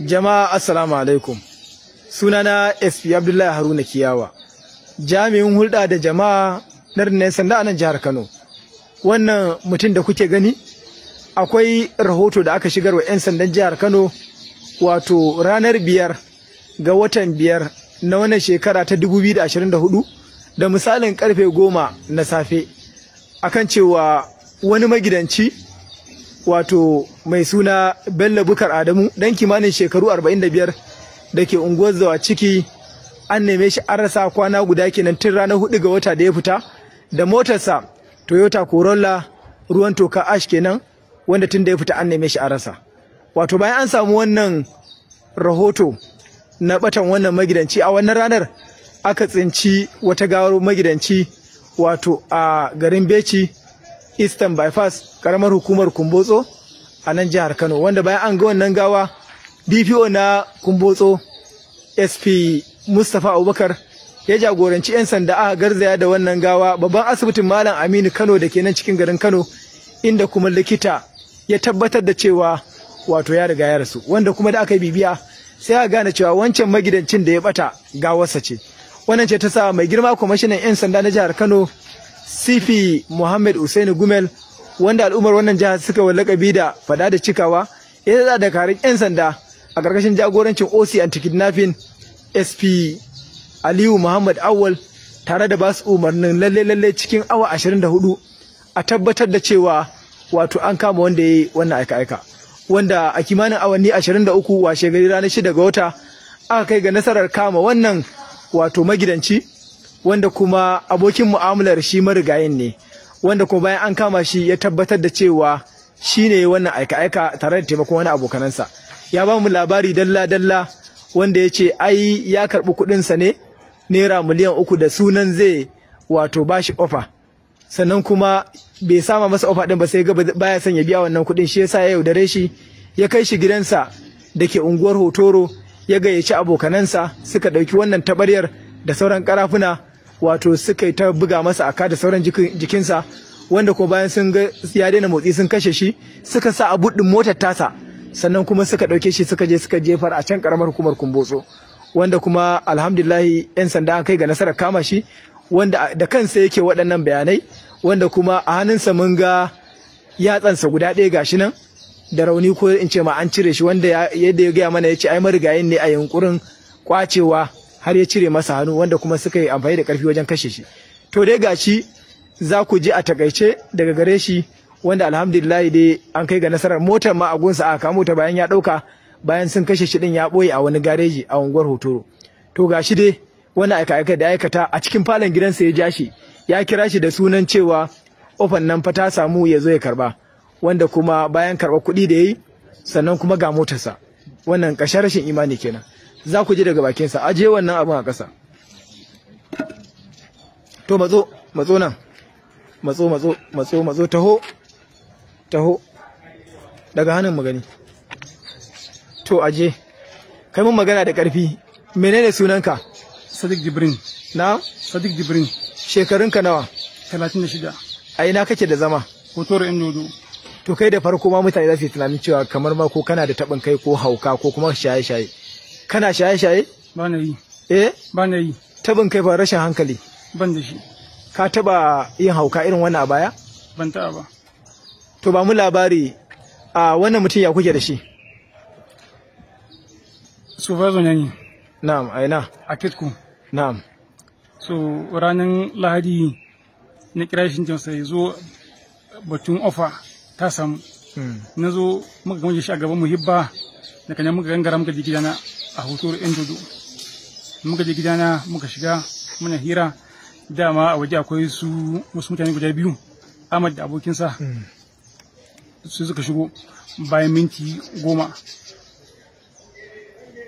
Jama'a assalamu alaikum. Sunana SP Abdullahi Haruna Kiyawa. Jami'in hulɗa da jama'a na rinnayen sanda a nan jihar Kano. Wannan mutum da kuke gani akwai rahoto da aka shigar wa 'yan sandan jihar Kano wato ranar biyar ga watan biyar na wannan shekara ta 2024 da misalin karfe goma na safe akan cewa wani magidanci wato mai suna bello bukar adamu dan kimanin shekaru 45 da ke unguwar zawa ciki an neme shi an rasa kwana guda kenan tun ranar hudu ga wata da ya fita da motarsa toyota corolla ruwan toka ash kenan wanda tun da ya fita an neme shi an rasa wato bayan an samu wannan rahoto na batan wannan magidanci a wannan ranar aka tsinci wata gawar magidanci wato a garin beci eastern bypass karamar hukumar kumbotso a nan jihar kano wanda bayan an ga wannan gawa dpo na kumbotso sp mustapha abubakar ya jagoranci 'yan sanda aka garzaya da wannan gawa babban asibitin malam aminu kano da ke nan cikin garin kano inda kuma likita ya tabbatar da cewa wato ya riga ya rasu wanda kuma da aka yi bibiya sai aka gane cewa wancan magidancin da ya bata gawarsa ce wannan ce ta sa mai girma kwamishinan 'yan sanda na jihar kano Sifi Muhammad Usainu Gumel wanda al'ummar wannan jihar suka wallakabi da fada da cikawa ya da karin 'yan sanda a ƙarƙashin jagorancin OC anti-kidnapping SP Aliyu Muhammad Awal tare da basu umarnin lalle-lalle cikin awa 24 a tabbatar da cewa wato an kama wanda ya yi wannan aika-aika wanda a kimanin awanni 23 washe gari ranar 6 ga wata aka kai ga nasarar kama wannan wato magidanci wanda kuma abokin mu'amalar shi marigayin ne wanda kuma bayan an kama shi ya tabbatar da cewa shi ne wannan aika-aika tare da taimakon wani abokanansa ya ba mu labari dalla-dalla wanda ya ce ai ya karɓi kuɗinsa ne naira miliyan uku da sunan zai wato ba shi ofa sannan kuma bai sama masa ofa ɗin ba sai ga baya son ya biya wannan kuɗin shi yasa ya yaudare shi ya kai shi gidansa da ke unguwar hotoro ya gayyaci abokanansa suka ɗauki wannan tabaryar da sauran karafuna wato suka yi ta buga masa aka da sauran jikinsa wanda ko bayan sun ga ya daina motsi sun kashe shi suka sa a buɗin motar tasa sannan kuma suka ɗauke shi suka je suka jefar a can karamar hukumar kumbotso wanda kuma alhamdulillahi 'yan sanda an kai ga nasarar kama shi wanda da kansa yake waɗannan bayanai wanda kuma a hannunsa mun ga yatsansa guda ɗaya gashi nan da rauni ko in ce ma an cire shi wanda yadda ya gaya mana ya ce ai marigayin ne a yunkurin kwacewa har ya cire masa hannu wanda kuma suka yi amfani da karfi wajen kashe shi to dai gashi za ku ji a takaice daga gare shi wanda alhamdulillah dai an kai ga nasarar motar ma a gunsa a kamo ta bayan ya dauka bayan sun kashe shi din ya boye a wani gareji a unguwar hotoro to gashi dai wani aika aika da aikata a cikin falon gidansa ya ja shi ya kira shi da sunan cewa ofan nan fa ta samu ya zo ya karba wanda kuma bayan karba kuɗi da yi sannan kuma ga motarsa wannan ƙashin rashin imani kenan za ku je daga bakinsa aje wannan abin a ƙasa to matso matso nan matso matso matso matso taho taho daga hannun mu gani to aje kai mun magana da ƙarfi menene sunanka sadiq jibrin na sadiq jibrin shekarunka nawa 36 a ina kake da zama hotor in nudu to kai da farko ma mutane za su yi tunanin cewa kamar ma ko kana da taɓin kai ko hauka ko kuma shaye-shaye kana shaye-shaye ba na yi eh ba na yi tabin kai ba rashin hankali ban da shi ka taba yin hauka irin wannan a baya ban taba ba to ba mu labari a wannan mutum ya kuke da shi su ba zo ne na'am aina a kitku na'am so ranar lahadi na kira shi sai zo batun ofa ta samu hmm. na zo muka gama shi a gaban muhibba da nan muka gangara muka ji gidana a hutuwar yan dodo muka je gidana muka shiga muna hira dama a waje akwai su wasu mutane guda biyu ahmad da abokinsa hmm. su suka shigo bayan minti goma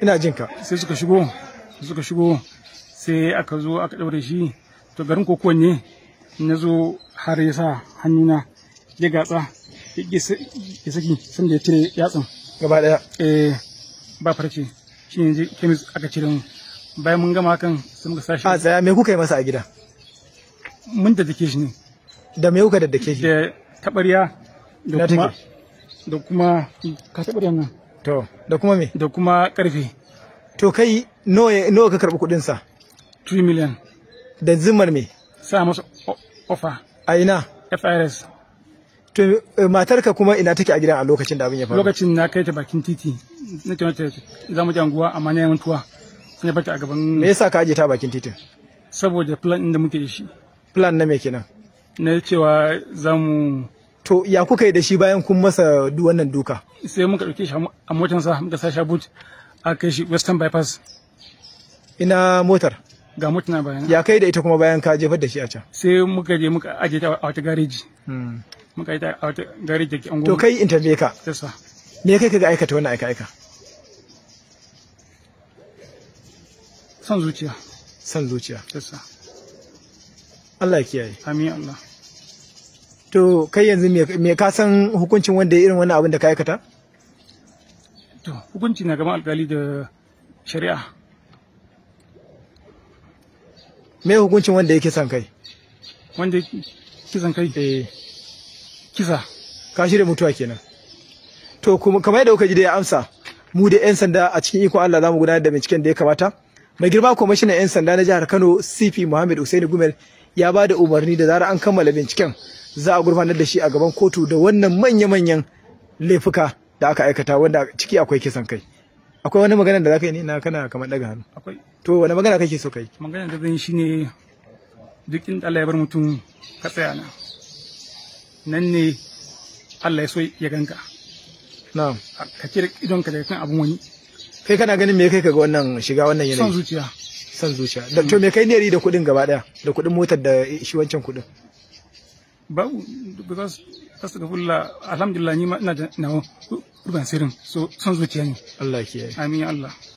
ina jin ka sai suka shigo suka shigo sai aka zo aka ɗaure shi to garin kokon ne na zo har ya sa hannuna ya gatsa ya saki sanda ya cire yatsan gaba ɗaya eh ba farce shi ne kemis aka cire mu bayan mun gama hakan sai muka sashi a tsaya me kuka yi masa a gida mun da dake shi ne da me kuka da shi da tabariya da kuma da kuma ka tabariya nan to da kuma me da kuma karfe to kai nawa nawa ka karbi kudin sa 3 million da zimmar me sa masa ofa a ina FRS To eh, matarka kuma ina take a gidan a lokacin da abin ya faru? Lokacin na kai ta bakin titi na tunata za mu je anguwa amma na tuwa sun ya bata a gaban. Me yasa ka aje ta bakin titin? Saboda plan ɗin da muke da shi. Plan na me kenan? Na cewa za mu To ya kuka yi da shi bayan kun masa wannan duka? Sai muka ɗauke shi a sa muka sa shi boot a kai shi Western Bypass. Ina motar? ga mutuna bayan ya kai da ita kuma bayan ka jefar da shi a can sai muka je muka aje ta a wata gareji hmm. muka yi ta a wata gari da ke to kai interview ka ka me kai kaga aikata wannan aika aika san zuciya san zuciya Allah ya kiyaye amin Allah to kai yanzu me me ka san hukuncin wanda irin wannan abin da ka aikata to hukunci na gaban alkali da shari'a me hukuncin wanda yake san kai wanda yake san kai eh kisa ka shirya mutuwa kenan to kuma kamar yadda kuka ji da ya amsa mu da yan sanda a cikin ikon Allah zamu gudanar da binciken da ya kamata mai girma kwamishinan yan sanda na jihar Kano CP Muhammad Usaini Gumel ya ba da umarni da zarar an kammala binciken za a gurfanar da shi a gaban kotu da wannan manya-manyan laifuka da aka aikata wanda ciki akwai kisan kai akwai wani magana da za yi ne na kana kamar daga hannu akwai to wani magana kake so kai magana da zan shi ne duk in Allah ya bar mutum ka tsaya na nan ne Allah ya so ya ganka na'am ka kira idon ka daga kan abun wani kai kana ganin me kai kaga wannan shiga wannan yanayi son zuciya son zuciya da to me kai ne da kuɗin gaba daya da kuɗin motar da shi wancan kuɗin babu because fulla alhamdulillah ni ma ina da nawo ruban sirrin so son zuciya ne Allah ya kiyaye amin Allah